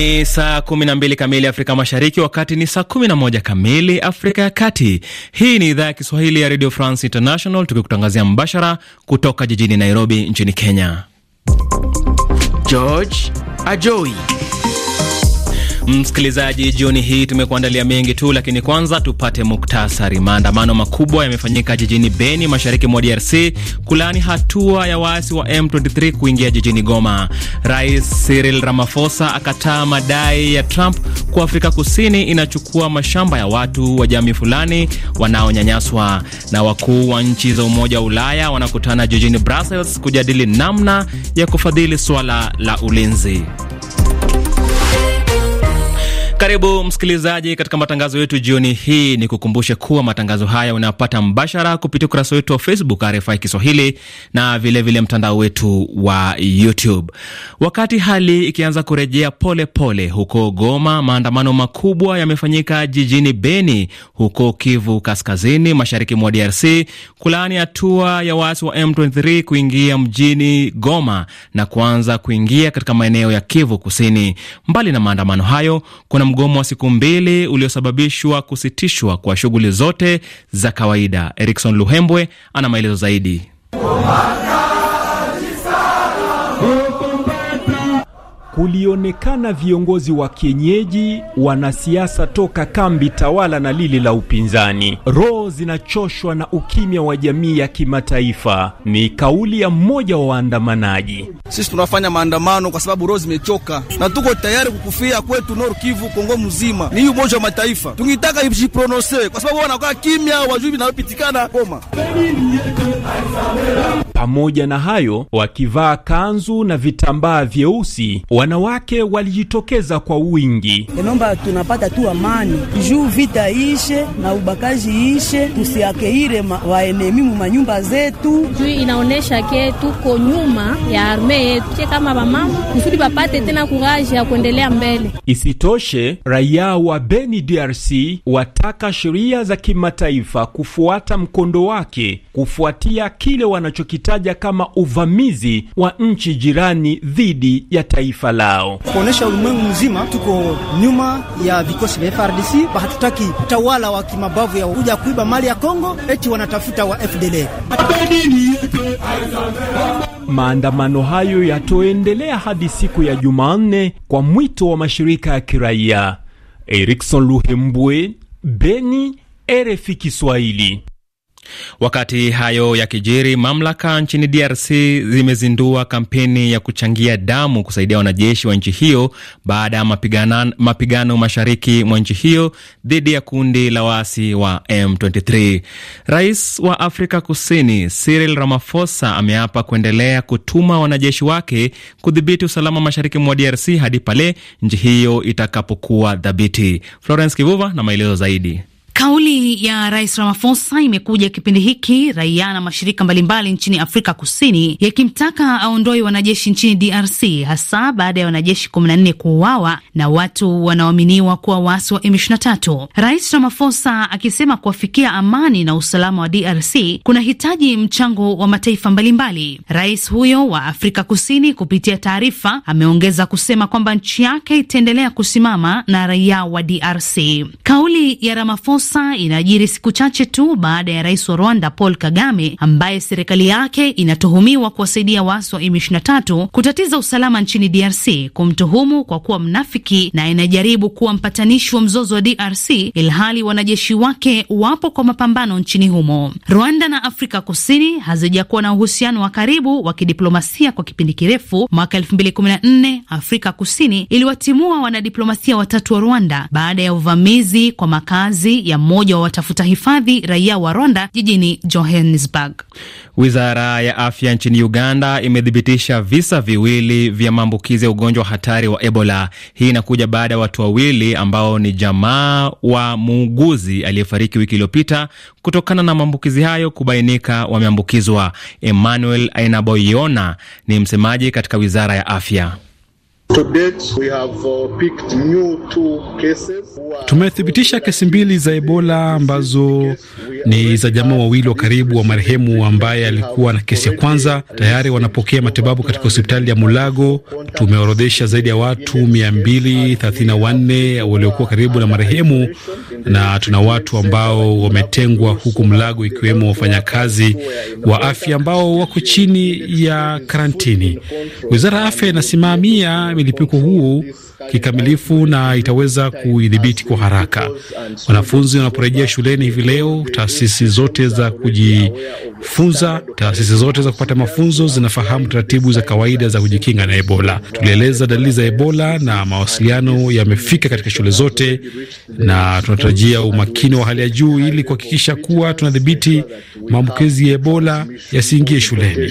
Ni saa 12 kamili Afrika Mashariki, wakati ni saa 11 kamili Afrika ya Kati. Hii ni idhaa ya Kiswahili ya Radio France International, tukikutangazia mbashara kutoka jijini Nairobi nchini Kenya. George Ajoi Msikilizaji, jioni hii tumekuandalia mengi tu, lakini kwanza tupate muktasari. Maandamano makubwa yamefanyika jijini Beni, mashariki mwa DRC, kulani hatua ya waasi wa M23 kuingia jijini Goma. Rais Cyril Ramaphosa akataa madai ya Trump kuwa Afrika Kusini inachukua mashamba ya watu wa jamii fulani wanaonyanyaswa. Na wakuu wa nchi za Umoja wa Ulaya wanakutana jijini Brussels kujadili namna ya kufadhili swala la ulinzi. Karibu msikilizaji katika matangazo yetu jioni hii. Ni kukumbushe kuwa matangazo haya unayapata mbashara kupitia ukurasa wetu wa Facebook RFI Kiswahili na vilevile mtandao wetu wa YouTube. Wakati hali ikianza kurejea polepole pole, huko Goma maandamano makubwa yamefanyika jijini Beni huko Kivu Kaskazini, mashariki mwa DRC kulaani hatua ya waasi wa M23 kuingia mjini Goma na kuanza kuingia katika maeneo ya Kivu Kusini. Mbali na maandamano hayo kuna mgomo wa siku mbili uliosababishwa kusitishwa kwa shughuli zote za kawaida. Erikson Luhembwe ana maelezo zaidi. kulionekana viongozi wa kienyeji, wanasiasa toka kambi tawala na lili la upinzani. Roho zinachoshwa na ukimya wa jamii ya kimataifa, ni kauli ya mmoja wa waandamanaji. Sisi tunafanya maandamano kwa sababu roho zimechoka na tuko tayari kukufia kwetu Nord Kivu, Kongo mzima. Ni hii Umoja wa Mataifa tungitaka ijiprononse kwa sababu wanakaa kimya, wajui vinavyopitikana Goma pamoja na hayo, wakivaa kanzu na vitambaa vyeusi, wanawake walijitokeza kwa wingi. Enomba tunapata tu amani juu vita ishe na ubakaji ishe, tusiakeire waenemi mu manyumba zetu, juu inaonesha ke tuko nyuma ya arme yetu che kama bamama kusudi bapate tena kuraji ya kuendelea mbele. Isitoshe, raia wa Beni DRC wataka sheria za kimataifa kufuata mkondo wake kufuatia kile wanachokita kutaja kama uvamizi wa nchi jirani dhidi ya taifa lao, kuonesha ulimwengu mzima tuko nyuma ya vikosi vya frdc Hatutaki utawala wa kimabavu ya kuja kuiba mali ya Kongo, eti wanatafuta wa FDL. Maandamano hayo yatoendelea hadi siku ya Jumanne kwa mwito wa mashirika ya kiraia. Erikson Luhembwe, Beni, RFI Kiswahili. Wakati hayo yakijiri, mamlaka nchini DRC zimezindua kampeni ya kuchangia damu kusaidia wanajeshi wa nchi hiyo baada ya mapigano mashariki mwa nchi hiyo dhidi ya kundi la waasi wa M23. Rais wa Afrika Kusini Cyril Ramaphosa ameapa kuendelea kutuma wanajeshi wake kudhibiti usalama mashariki mwa DRC hadi pale nchi hiyo itakapokuwa dhabiti. Florence Kivuva na maelezo zaidi. Kauli ya Rais Ramaphosa imekuja kipindi hiki raia na mashirika mbalimbali nchini Afrika Kusini yakimtaka aondoe wanajeshi nchini DRC, hasa baada ya wanajeshi 14 kuuawa na watu wanaoaminiwa kuwa waasi wa M23. Rais Ramaphosa akisema kuwafikia amani na usalama wa DRC kuna hitaji mchango wa mataifa mbalimbali. Rais huyo wa Afrika Kusini kupitia taarifa ameongeza kusema kwamba nchi yake itaendelea kusimama na raia wa DRC. Kauli ya Ramaphosa sasa inajiri siku chache tu baada ya rais wa Rwanda Paul Kagame ambaye serikali yake inatuhumiwa kuwasaidia waasi wa M23 kutatiza usalama nchini DRC kumtuhumu kwa kuwa mnafiki na inajaribu kuwa mpatanishi wa mzozo wa DRC ilhali wanajeshi wake wapo kwa mapambano nchini humo. Rwanda na Afrika Kusini hazijakuwa na uhusiano wa karibu wa kidiplomasia kwa kipindi kirefu. Mwaka 2014 Afrika Kusini iliwatimua wanadiplomasia watatu wa Rwanda baada ya uvamizi kwa makazi ya mmoja wa watafuta hifadhi raia wa Rwanda jijini Johannesburg. Wizara ya afya nchini Uganda imethibitisha visa viwili vya maambukizi ya ugonjwa hatari wa Ebola. Hii inakuja baada ya watu wawili ambao ni jamaa wa muuguzi aliyefariki wiki iliyopita kutokana na maambukizi hayo kubainika wameambukizwa. Emmanuel Ainaboyona ni msemaji katika wizara ya afya. Uh, Tumethibitisha kesi mbili za Ebola ambazo ni za jamaa wawili wa karibu wa marehemu ambaye alikuwa na kesi ya kwanza. Tayari wanapokea matibabu katika hospitali ya Mulago. Tumeorodhesha zaidi ya watu 234 waliokuwa karibu na marehemu, na tuna watu ambao wametengwa huku Mulago, ikiwemo wafanyakazi wa afya ambao wako chini ya karantini. Wizara ya afya inasimamia milipuko huo kikamilifu na itaweza kuidhibiti kwa haraka. Wanafunzi wanaporejea shuleni hivi leo, taasisi zote za kujifunza, taasisi zote za kupata mafunzo zinafahamu taratibu za kawaida za kujikinga na Ebola. Tulieleza dalili za Ebola na mawasiliano yamefika katika shule zote, na tunatarajia umakini wa hali ya juu ili kuhakikisha kuwa tunadhibiti maambukizi ya Ebola yasiingie shuleni.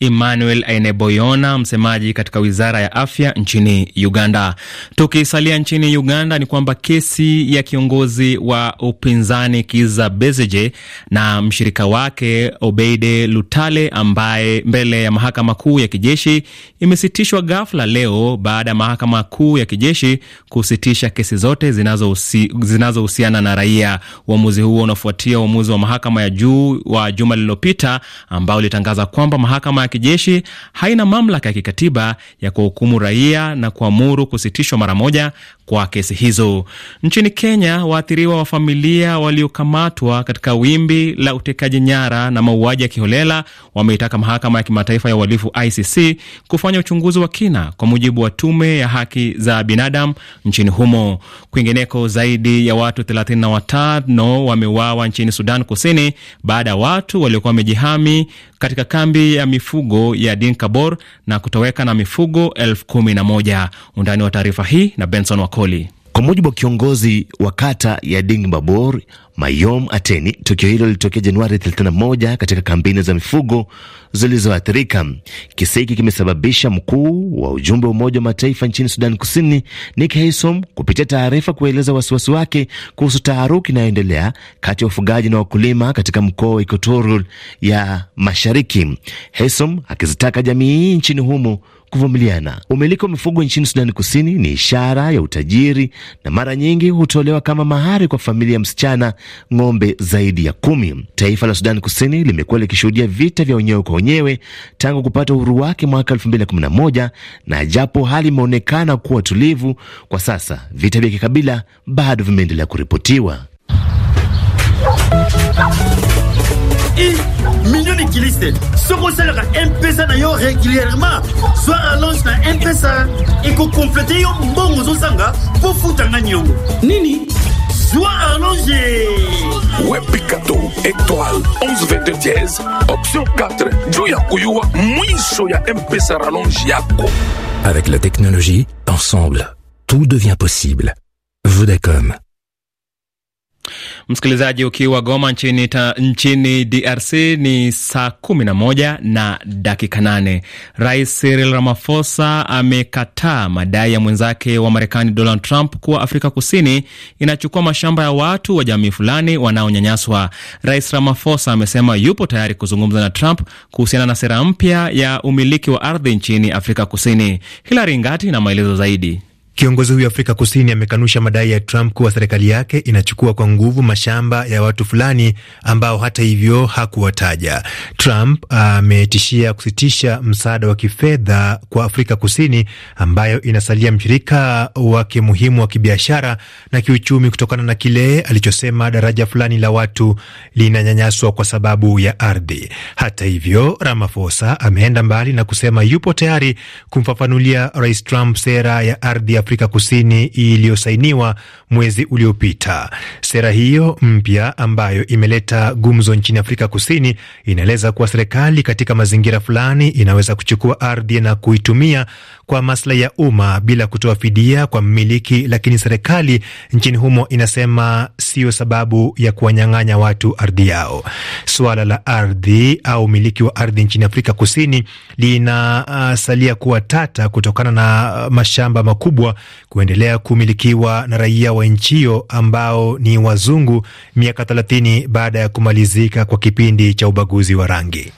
Emmanuel Aineboyona, msemaji katika wizara ya afya nchini Uganda. Tukisalia nchini Uganda, ni kwamba kesi ya kiongozi wa upinzani Kiza Besigye na mshirika wake Obeide Lutale ambaye mbele ya mahakama kuu ya kijeshi imesitishwa ghafla leo baada ya mahakama kuu ya kijeshi kusitisha kesi zote zinazohusiana zinazo na raia. Uamuzi huo unafuatia uamuzi wa mahakama ya juu wa juma lililopita ambao ulitangaza kwamba mahakama mahakama ya kijeshi haina mamlaka ya kikatiba ya kuhukumu raia na kuamuru kusitishwa mara moja kwa kesi hizo. Nchini Kenya, waathiriwa wa familia waliokamatwa katika wimbi la utekaji nyara na mauaji ya kiholela wameitaka mahakama ya kimataifa ya uhalifu ICC kufanya uchunguzi wa kina kwa mujibu wa tume ya haki za binadamu nchini humo. Kwingineko, zaidi ya watu 35 wameuawa nchini Sudan Kusini baada ya watu waliokuwa wamejihami katika kambi ya mifugo ya Dinkabor na kutoweka na mifugo elfu kumi na moja. Undani wa taarifa hii na Benson Wako. Makoli. Kwa mujibu wa kiongozi wa kata ya Dingbabor Mayom Ateni, tukio hilo lilitokea Januari 31 katika kampeni za mifugo zilizoathirika. Kisa hiki kimesababisha mkuu wa ujumbe wa Umoja wa Mataifa nchini Sudan Kusini Nick Haysom kupitia taarifa kueleza wasiwasi wake kuhusu taharuki inayoendelea kati ya wafugaji na wakulima katika mkoa wa Equatorial ya Mashariki, Haysom akizitaka jamii nchini humo kuvumiliana. Umiliki wa mifugo nchini Sudani Kusini ni ishara ya utajiri na mara nyingi hutolewa kama mahari kwa familia ya msichana ng'ombe zaidi ya kumi. Taifa la Sudani Kusini limekuwa likishuhudia vita vya wenyewe kwa wenyewe tangu kupata uhuru wake mwaka 2011 na japo hali imeonekana kuwa tulivu kwa sasa, vita vya kikabila bado vimeendelea kuripotiwa. milioni ce conseil a MP na yo régulièrement zwa allonge na mpesa ekokomplete yo mbongo pour foutre un agneau. nini allongé. Web picato, étoile 1122 dièse option 4 jo moins soya soya ya mpesa rallonge yako avec la technologie ensemble tout devient possible vodacom Msikilizaji ukiwa Goma nchini, ta, nchini DRC ni saa kumi na moja na dakika nane. Rais Cyril Ramaphosa amekataa madai ya mwenzake wa Marekani Donald Trump kuwa Afrika Kusini inachukua mashamba ya watu wa jamii fulani wanaonyanyaswa. Rais Ramaphosa amesema yupo tayari kuzungumza na Trump kuhusiana na sera mpya ya umiliki wa ardhi nchini Afrika Kusini. Hilari Ngati na maelezo zaidi. Kiongozi huyo Afrika Kusini amekanusha madai ya Trump kuwa serikali yake inachukua kwa nguvu mashamba ya watu fulani ambao hata hivyo hakuwataja. Trump ah, ametishia kusitisha msaada wa kifedha kwa Afrika Kusini ambayo inasalia mshirika wake muhimu wa kibiashara na kiuchumi kutokana na kile alichosema daraja fulani la watu linanyanyaswa kwa sababu ya ardhi. Hata hivyo, Ramaphosa ameenda mbali na kusema yupo tayari kumfafanulia Rais Trump sera ya ardhi Afrika Kusini iliyosainiwa mwezi uliopita. Sera hiyo mpya ambayo imeleta gumzo nchini Afrika Kusini inaeleza kuwa serikali katika mazingira fulani inaweza kuchukua ardhi na kuitumia kwa maslahi ya umma bila kutoa fidia kwa mmiliki, lakini serikali nchini humo inasema siyo sababu ya kuwanyang'anya watu ardhi yao. Suala la ardhi au umiliki wa ardhi nchini Afrika Kusini linasalia kuwa tata kutokana na mashamba makubwa kuendelea kumilikiwa na raia wa nchi hiyo ambao ni wazungu, miaka 30 baada ya kumalizika kwa kipindi cha ubaguzi wa rangi.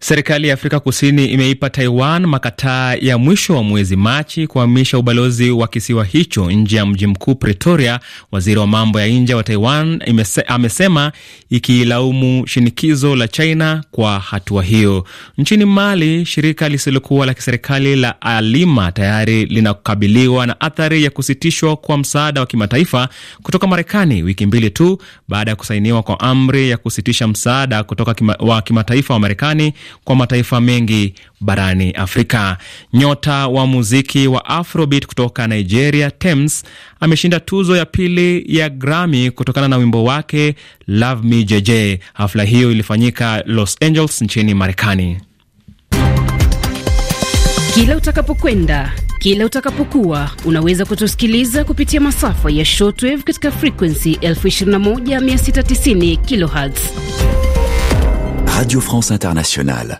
Serikali ya Afrika Kusini imeipa Taiwan makataa ya mwisho wa mwezi Machi kuhamisha ubalozi wa kisiwa hicho nje ya mji mkuu Pretoria, waziri wa mambo ya nje wa Taiwan imese, amesema ikilaumu shinikizo la China kwa hatua hiyo. Nchini Mali, shirika lisilokuwa la kiserikali la Alima tayari linakabiliwa na athari ya kusitishwa kwa msaada wa kimataifa kutoka Marekani wiki mbili tu baada ya kusainiwa kwa amri ya kusitisha msaada kutoka kima, wa kimataifa wa Marekani kwa mataifa mengi barani Afrika. Nyota wa wa muziki wa Afrobeat kutoka Nigeria, Tems, ameshinda tuzo ya pili ya Grammy kutokana na wimbo wake Love Me JJ. Hafla hiyo ilifanyika Los Angeles nchini Marekani. Kila utakapokwenda kila utakapokuwa unaweza kutusikiliza kupitia masafa ya shortwave katika frequency 21690 kilohertz Radio France Internationale.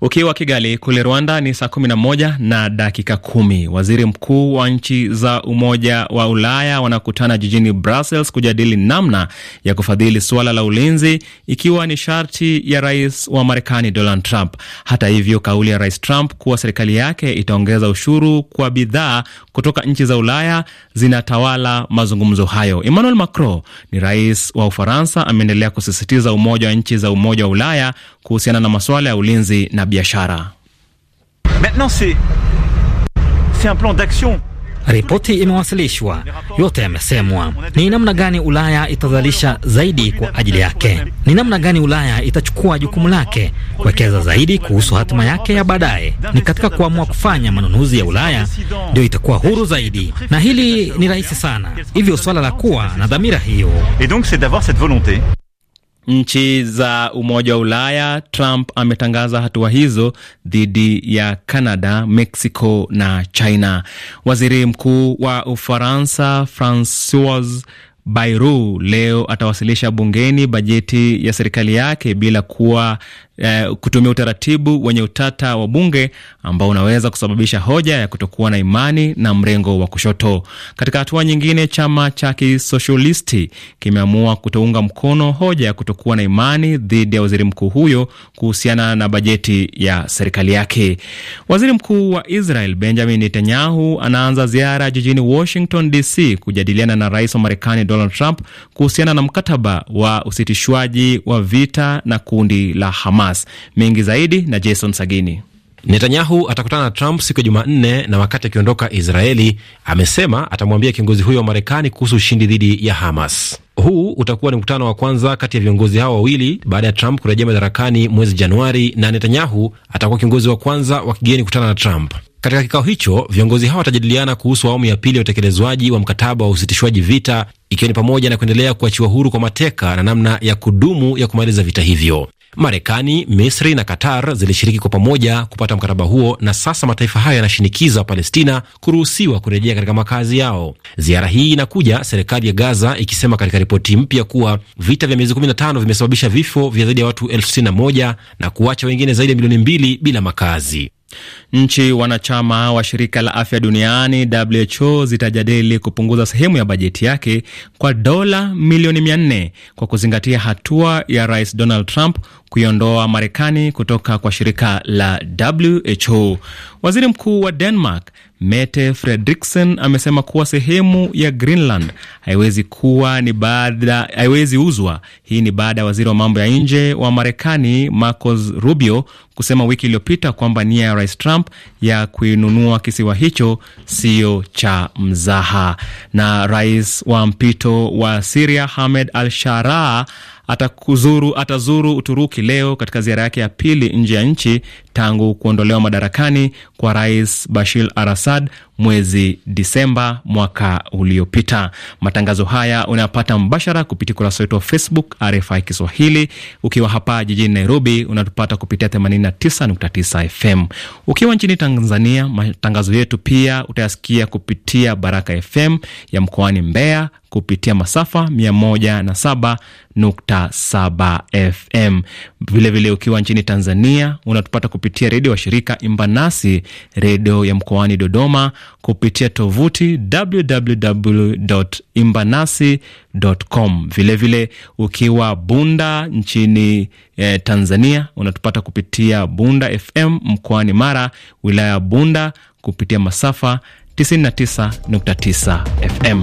Ukiwa Kigali kule Rwanda ni saa 11 na dakika kumi. Waziri mkuu wa nchi za Umoja wa Ulaya wanakutana jijini Brussels kujadili namna ya kufadhili suala la ulinzi, ikiwa ni sharti ya rais wa Marekani Donald Trump. Hata hivyo, kauli ya rais Trump kuwa serikali yake itaongeza ushuru kwa bidhaa kutoka nchi za Ulaya zinatawala mazungumzo hayo. Emmanuel Macron ni rais wa Ufaransa, ameendelea kusisitiza umoja wa nchi za Umoja wa Ulaya kuhusiana na masuala ya ulinzi na biashara. Ripoti imewasilishwa, yote yamesemwa. Ni namna gani Ulaya itazalisha zaidi kwa ajili yake, ni namna gani Ulaya itachukua jukumu lake kuwekeza zaidi kuhusu hatima yake ya baadaye. Ni katika kuamua kufanya manunuzi ya Ulaya ndio itakuwa huru zaidi, na hili ni rahisi sana. Hivyo swala la kuwa na dhamira hiyo nchi za Umoja wa Ulaya, Trump ametangaza hatua hizo dhidi ya Canada, Mexico na China. Waziri Mkuu wa Ufaransa Francois Bayrou leo atawasilisha bungeni bajeti ya serikali yake bila kuwa eh, kutumia utaratibu wenye utata wa bunge ambao unaweza kusababisha hoja ya kutokuwa na imani na mrengo wa kushoto. Katika hatua nyingine, chama cha kisoshalisti kimeamua kutounga mkono hoja ya kutokuwa na imani dhidi ya waziri mkuu huyo kuhusiana na bajeti ya serikali yake. Waziri mkuu wa Israel Benjamin Netanyahu anaanza ziara jijini Washington DC kujadiliana na rais wa Marekani Donald Trump kuhusiana na mkataba wa usitishwaji wa vita na kundi la Hamas. Hamas. Mengi zaidi na Jason Sagini. Netanyahu atakutana na Trump siku ya Jumanne na wakati akiondoka Israeli amesema atamwambia kiongozi huyo wa Marekani kuhusu ushindi dhidi ya Hamas. Huu utakuwa ni mkutano wa kwanza kati ya viongozi hao wawili baada ya Trump kurejea madarakani mwezi Januari, na Netanyahu atakuwa kiongozi wa kwanza wa kigeni kukutana na Trump. Katika kikao hicho viongozi hao watajadiliana kuhusu awamu ya pili ya utekelezwaji wa mkataba wa usitishwaji vita, ikiwa ni pamoja na kuendelea kuachiwa huru kwa mateka na namna ya kudumu ya kumaliza vita hivyo. Marekani, Misri na Qatar zilishiriki kwa pamoja kupata mkataba huo, na sasa mataifa hayo yanashinikiza Wapalestina kuruhusiwa kurejea katika makazi yao. Ziara hii inakuja serikali ya Gaza ikisema katika ripoti mpya kuwa vita vya miezi 15 vimesababisha vifo vya zaidi ya watu elfu sitini na moja na kuacha wengine zaidi ya milioni mbili bila makazi. Nchi wanachama wa shirika la afya duniani WHO zitajadili kupunguza sehemu ya bajeti yake kwa dola milioni 400 kwa kuzingatia hatua ya Rais Donald Trump kuiondoa Marekani kutoka kwa shirika la WHO. Waziri mkuu wa Denmark Mette Frederiksen amesema kuwa sehemu ya Greenland haiwezi kuwa ni baada, haiwezi uzwa. Hii ni baada ya waziri wa mambo ya nje wa Marekani Marcos Rubio kusema wiki iliyopita kwamba nia ya Rais Trump ya kuinunua kisiwa hicho sio cha mzaha. Na rais wa mpito wa Siria Hamed Al Sharaa atakuzuru, atazuru Uturuki leo katika ziara yake ya pili nje ya nchi tangu kuondolewa madarakani kwa Rais Bashir al-Assad mwezi Disemba mwaka uliopita. Matangazo haya unayapata mbashara kupitia ukurasa wetu wa Facebook RFI Kiswahili. Ukiwa hapa jijini Nairobi unatupata kupitia 89.9 FM. Ukiwa nchini Tanzania, matangazo yetu pia utayasikia kupitia Baraka FM ya mkoani Mbeya, kupitia masafa 107.7 FM. Vilevile ukiwa nchini Tanzania unatupata kupitia redio wa shirika Imbanasi redio ya mkoani Dodoma kupitia tovuti www.imbanasi.com. Vilevile ukiwa Bunda nchini eh, Tanzania unatupata kupitia Bunda FM mkoani Mara, wilaya ya Bunda kupitia masafa 99.9 FM.